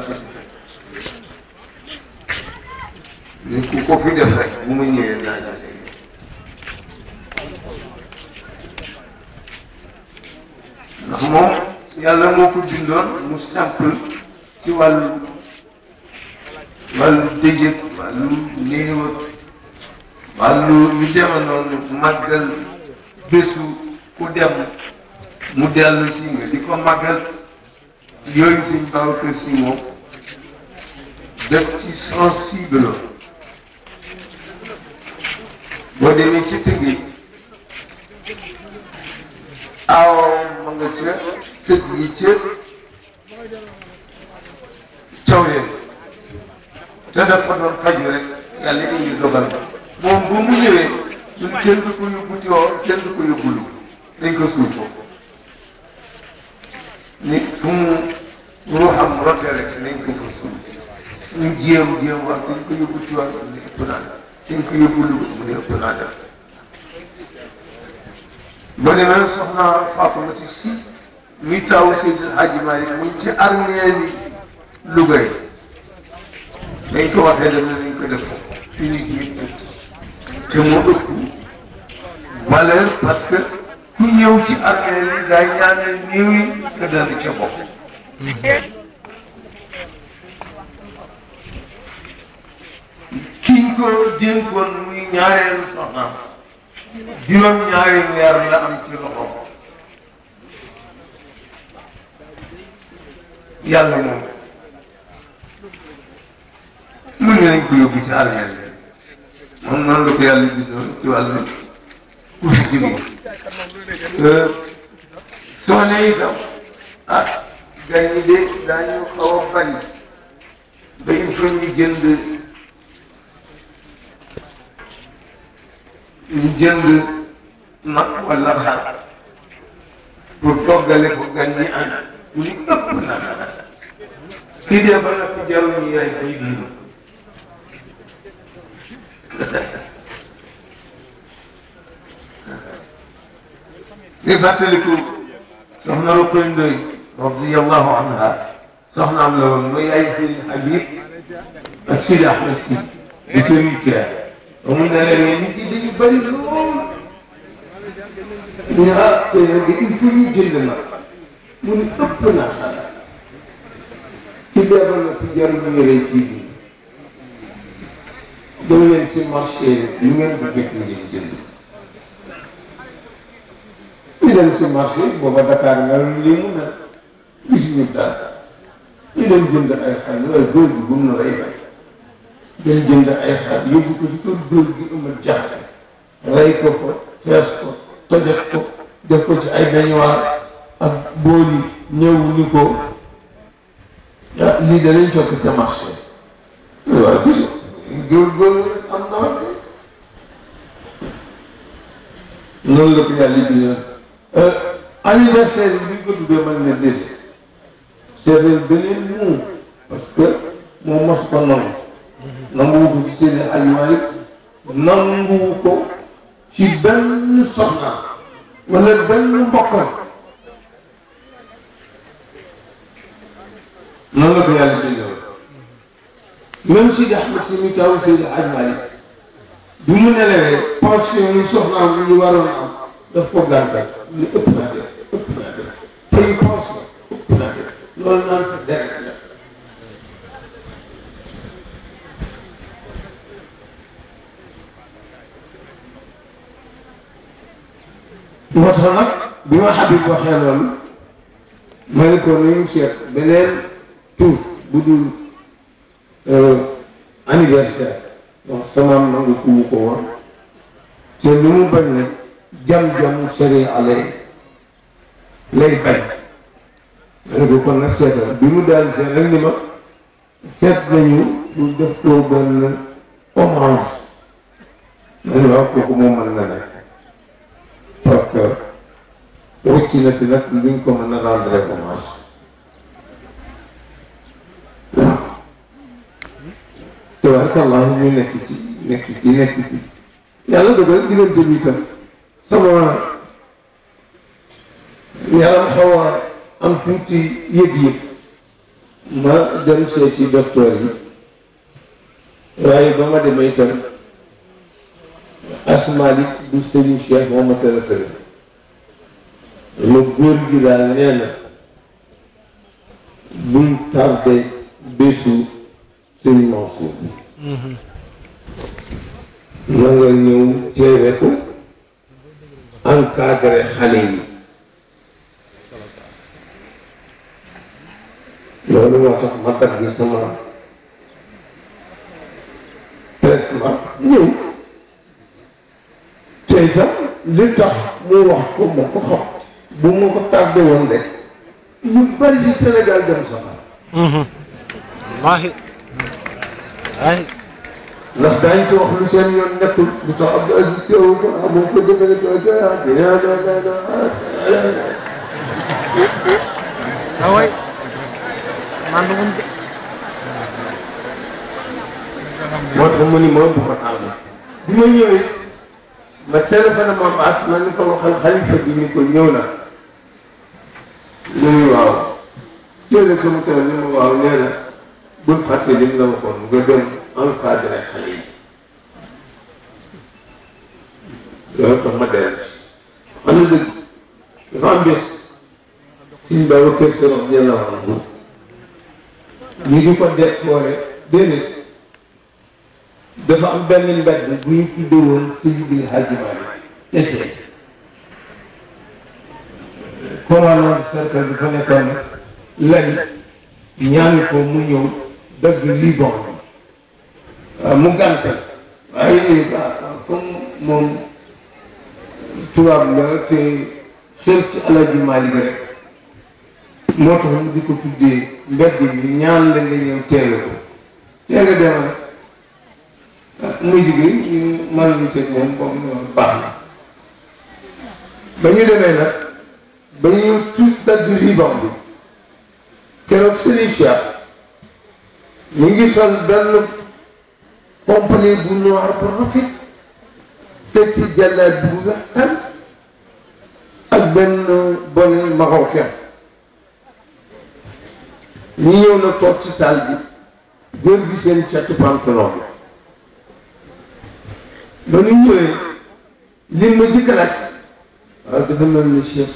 nit ku ko fi def rek bu ma ñëwee naa jaase ndax mu simple ci wàllu wàllu dëjëg wàllu néew wàllu lu deme noonu màggal bésu ku dem mu dellu si nga di ko màggal yooyu sëñ Babacar Sy moom ci sensible boo demee ci tëggi aawam ma nga ca sët yi ca cawleen te dafa doon faju rek yàlla indi dogal moom bu mu ñëwee ñun kenn du ko yóbbu Tiwaawan kenn du ko yóbbu lu dañ ko suul nit fu mu ruuxam rote rek nañ ko fa suuf ñu jéem jéem wax dañ ko yóbbu ci wax ni ëpp naa dañ ko yóbbu Louga mu ne ëpp naa def ba demee soxna Fatima ci si muy taw Seydil Hadji Malick muñ ci armeel yi Louga yi dañ ko waxee dem ne nañ ko def foofu unique bi te mu ëpp valeur parce que ñi ñëw ci armée yi daay ñaanal néew yi te dana ca bopp kiñ ko dénkoon muy ñaareelu soxnaam juróom ñaari weer la am ci loxo yàlla moom mu ne nañ ko yóbbu ci armée moom noonu la ko yàlla bindoon ci wàllu ku si jigéen soxna yi tam ah gan jënd ñu jënd nag wala xar pour toggale ko gan ñi ànd li ëpp na kii لفتلكو سهنا رقم دي رضي الله عنها سهنا عملون ويأيخي الحبيب أتسيد أحمسي بتنكا ومن الأليمين دي بلون لها تيرجئي في جلما من أبنا كتابا في جرمي ريكي دولة مرشي لمن بكتنا جلما ñu dem ci marché booba Dakar nga limu na ne gis ñu dara ñu dem jënd ay xar waaye góor gi bu mu na rey bay dañ jënd ay xar yóbbu ko ci kër góor gi amul jaxte rey ko fa fees ko tojat ko def ko ci ay bañuwaar ak booli ñëw ni ko lii danañ cokk ca marché waaw gis góor góor am na noonu la ko yàlla bi Euh, anniversaire yi bi ñu ko tuddee man ne déedéet seetal beneen moom parce que moom mos ko nangu nanguwu ko ci seen alimaalik ci benn soxna wala benn mbokkam nan la ko yàlla bindoo même si di Ahmed daf ko gàntal ñu ëpp naa def ëpp naa def tey xoos la ëpp naa def loolu naan sa deret la moo tax nag bi ma waxee loolu ma ne ko beneen bu dul anniversaire sama nangu ku ko te mu bañ nag jam-jam sëriñ ale lay bañ ma ne ko kon nag seetal bi mu daal seen rek ni ma seet nañu ñu def koo benn hommage ma ne waaw kooku moom mën na nekk parce que wëcc na fi nag luñ ko mën a rendre hommage waaw tabaarakallah ñu nekk ci nekk ci nekk ci yàlla dogal diggante bi tam sama yaram xaw a am tuuti yëg-yëg ma dem seeti docteur yi waaye ba ma demee itam asmalik du sëriñ Cheikh moo ma téléphoné le góor gi daal nee na buñ tardé bésu sëriñ Mansour bi na nga ñëw teewe ko encadré xale yi loolu moo tax ma dagg sama traitement ñëw tey sax li tax mu wax ko ma ko xam bu ma ko tardé woon de ñu bari ci Sénégal لبيت وخلص لي انك بتعب ازيك يا ابو ممكن من الوجع يا لا لا لا هاوي ما نقوم دي ما تهمني ما بفرق عادي بما يوي ما تلف انا ما بعث ما نقول خل خليفه بين كل يونا لي واو تيلي كم تلمي واو نيرا بول فاتي لي نكون غدن manfaatale xale yi loolu tax ma dayal man na dëgg dafa am bés suñ baba kër sa rox jëlaat ñu di ko def boole déedéet dafa am benn mbedd bu ñu tuddee woon sëñ bi Hadji Malick Thiès commandant de cercle bi fa nekkoon lañ ñaan ko mu ñëw dëgg Liban Euh, mu gàntal waaye eh, comme moom tubaab la te xel ci Alaaji Maalik rek moo tax mu di ko tuddee mbedd bi ñaan la nga ñëw teele ko teel a demal ah, muy jigéen ñu mën ñu teg moom boobu noonu baax na ba ñu demee nag ba ñu tudd dagg ribam bi keroog Serigne Cheikh ngi sol benn pompalee bu noir bu rafet teg ci bu weex tàll ak benn bonnet marocain ñi ñëw na toog ci salle bi góor gi seen catu pantalon bi ba ñu ñëwee li ma jëkk laaj ni Cheikh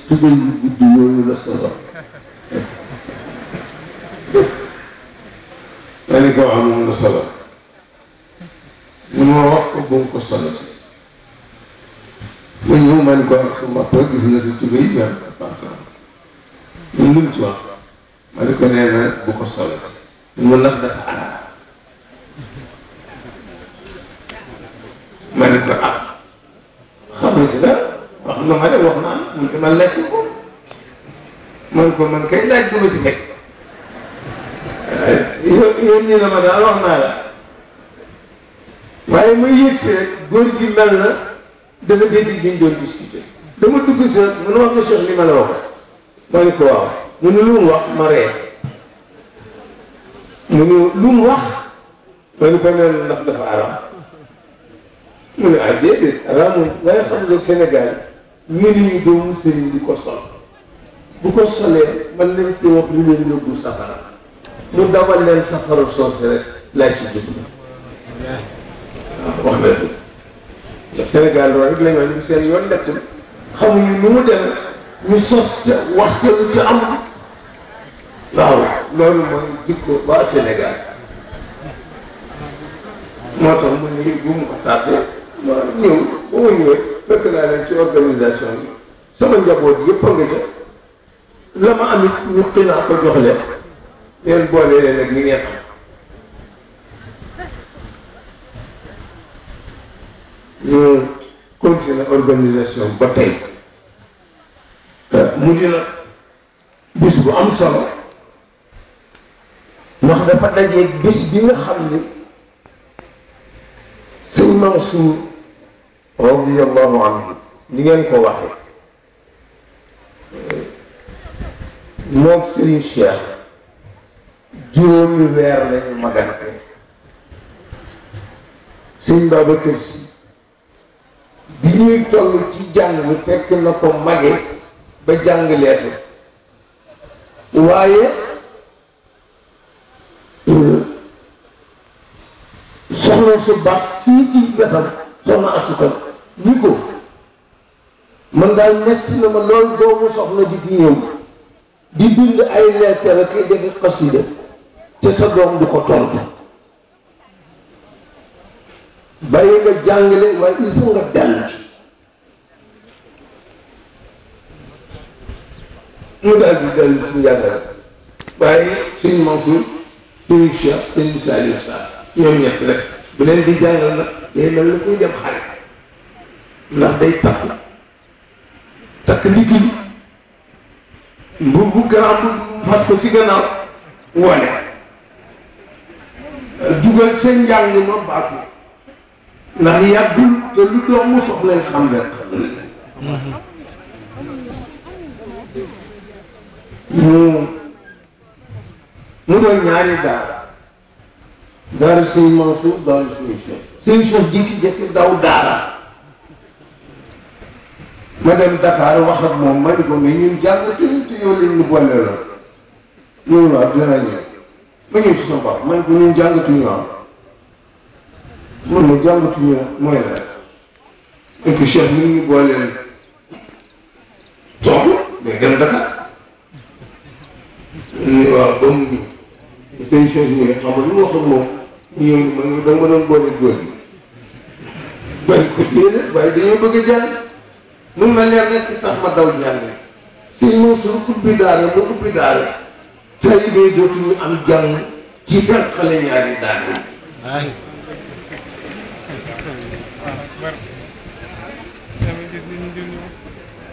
solo ma ni ko wax moom la solo bu mu ko sonal si ma ñëw ma ne ko ak ah, sama toog gis na sa tubéy bi ak pantalon ñun lu mu ci wax ma ne ko nee na bu ko sonal si mu ndax dafa araam ma ne ko ah xamal si la wax nga ma de wax naa mun dama lekk ko man ko man kay laaj bu ma ci fekk yow yow nii la ma daal wax naa la waaye muy yëg si rek góor gi mel na dafa dégg liñ doon discuter dama dugg si rek mu ne wax li ma la wax ma ne ko waaw mu wax ma ree ne wax ma ne ko neen ndax dafa mu ne ah déedéet araamul waaye xam nga Sénégal mënuñu doomu sëriñ di ko sol bu ko solee man nañ ci wax lu leen yóbbu safara mu dawal leen safara soose rek laa ci jublu wax na dëgg ndax Sénégal loolu rek la wax ñu seen yoon nekkul xamuñu nu mu dem ñu lu ca am waaw loolu mooy jikko waa senegal moo tax mu ne bu mu ko tàggee ma ñëw fekk naa ci organisation bi sama njaboot yëpp a nga la ma am it ñu ko jox leen leen boole leen ak ñi ngeen ñu continuer organisation ba euh, mu dina bis bu am solo ndax dafa dajeeg bis bi nga xam ni sëñ Mansour radiyallahu anhu ni ngeen ko waxe euh, moom Serigne Cheikh juróomi weer lañu bi toll ci jàng mi fekk na ko mage ba jàng leetu waaye euh, soxna su baax sii ci wetam soxna asukan ni ko man daal nekk na ma loolu doomu soxna di fi ñëw di bind ay leetar ak def xasida te sa doom du ko tontu bàyyi nga jàngale waaye il faut nga dal ci mu daal di dellu ci njàngale waaye sëñ Mansour sëñ Cheikh sëñ Saliou Sarr ñoom ñett rek bu leen di jàngal nag day mel ni kuy dem xale ndax day takk takk liggéey mbubu garab fas ko ci gannaaw wane dugal ca njàng ma baatu ndax yàggul te lu doom mu soxla xam rek xam mu mu doon ñaari daara daara suñu Mansour daara suñu Cheikh suñu Cheikh daw daara ma dem Dakar wax ak moom ma ni ko mais ñun jàngatuñu te yow lañ ñu la dina ñëw ma ñëw ci sama bopp ma ni ko ñun jàngatuñu waaw ah. mun ma ah, mooy la et que mi ngi boole la toog mais gën Dakar ñu waaw ba mu ñu sëñ Cheikh ne xam nga lu ma wax moom ñëw ni man da nga ma doon boole góor gi man ko waaye dañoo bëgg a jàng mun na leer nekk tax ma daw jàng sëñ moom suñu ubbi daara mu ubbi daara talibé dootuñu am jàng ci benn xale ñaari daara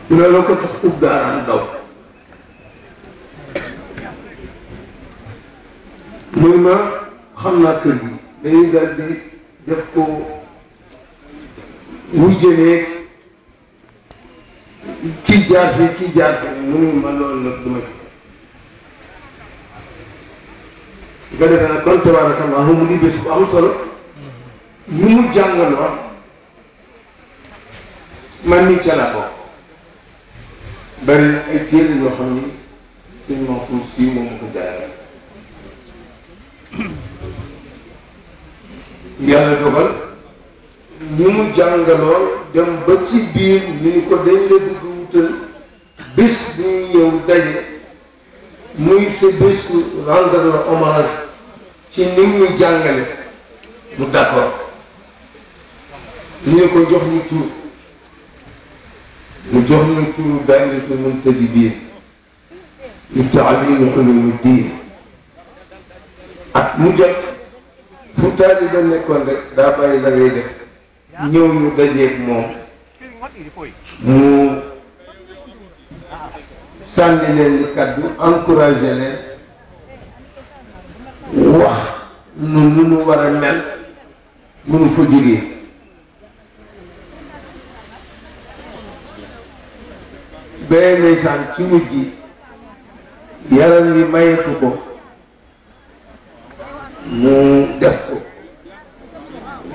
loolu ko tax ub daaraam daw muy ma xam naa kër gi dañuy daal di def ko muy jëlee kii jaar fi kii jaar fi mu ne ma loolu nag du ma ci nga defee nag kon tabaarakallahu mu di bés bu am solo ñu mu jàngaloon man ni ca la bokk bari na ay téere yoo xam ni suñ moom suñ sii moom ko jaayal yàlla dogal ñi mu jàngaloon dem ba ci biir ñu ni ko dañ la bëgg wutal bés bu ñu ñëw daje muy sa bésu rendre la hommage ci ni ñu jàngale mu d'accord ñu ko jox ñu tur mu jox ñu turu daayiratu Muntadibin li taalimu ulumi diin ak mu jot fu taalibe nekkoon rek daa bàyyi la ngay def ñëw ñu dajeeg moom mu sànni leen ni kàddu encouragé leen wax nu nu nu war a mel mënu fa jógee benn saan ci mujj yaram yi mayetu ko mu def ko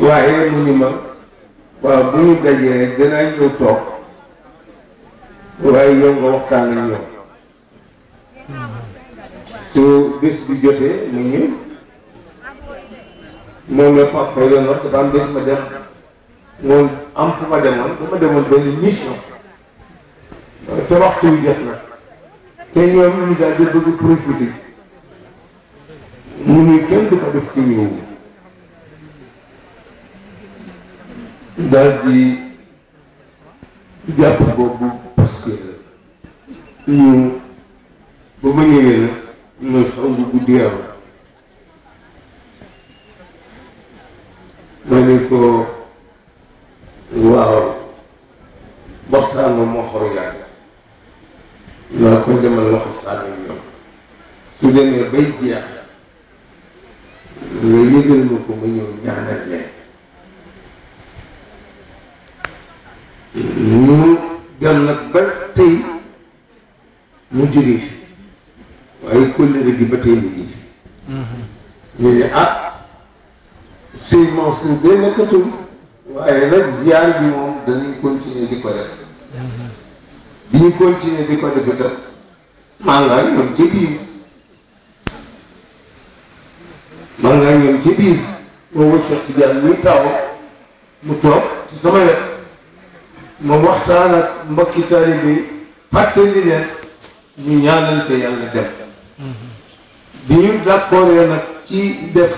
waaye mu ni ma waaw bu ñu dajee dinañ ñëw toog waaye yow nga waxtaan ak ñoom su bés bi jotee mu ñu moom la papa yoon wax dafa am bés ma dem moom am fu ma demoon dama demoon benn mission te waxtu wi jot na te ñoom ñu daal di bëgg profité mu ne kenn du ko def ci réew mi daal di jàpp boobu parce que ñu ba ma ñëwee nag mooy xaw ma guddi yàlla ma ne ko waaw waxtaan ma moo xaw yàlla naa ko demal ma waxtaan ak ñoom su demee bay jeex nga yëgal ma ko ma ñëw ñaanal leen ñu dem nag ba tey mu jógee fi waaye kóllëre gi ba tey mu ngi fi mm-hmm. ñu ne ah sëñ Mansour de nekkatul waaye nag ziar bi moom danañ continuer di ko def mm-hmm. bi ñu continuer di ko def itam maa ngi ñoom ci biir man ngaa ñëw ci biir boobu Cheikh Tidiane muy taw mu toog ci sama wet moom waxtaan ak mbokki tari bi fàttali leen ñu ñaanante yàlla dem bi ñu d'accord yoon nag ci def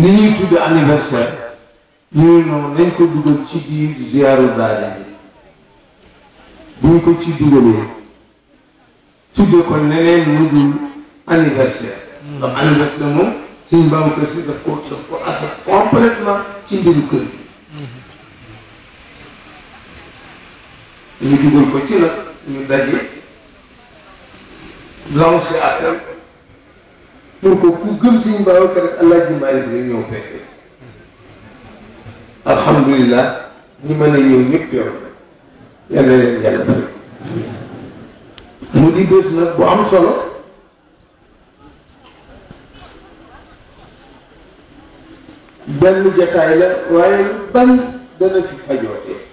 li ñuy tudd anniversaire ñu noonu nañ ko dugal ci biir ziaru daara yi ñu ko ci dugalee tudde ko neneen mu dul anniversaire donc anam accident moom sëñ Babacar Si daf ko daf ko asa complètement ci mbiru kër bi mm-hmm. ñu dugal ko ci la ñu daje lancé appel pour que ku gëm sëñ Babacar ak Alaaji Maalik rek ñëw fekkee alhamdulilah ñi mën a ñëw ñëpp yow yal na leen yàlla mm-hmm. mu di bés nag bu am solo benn jataay la waaye lu bari dana fi fajootee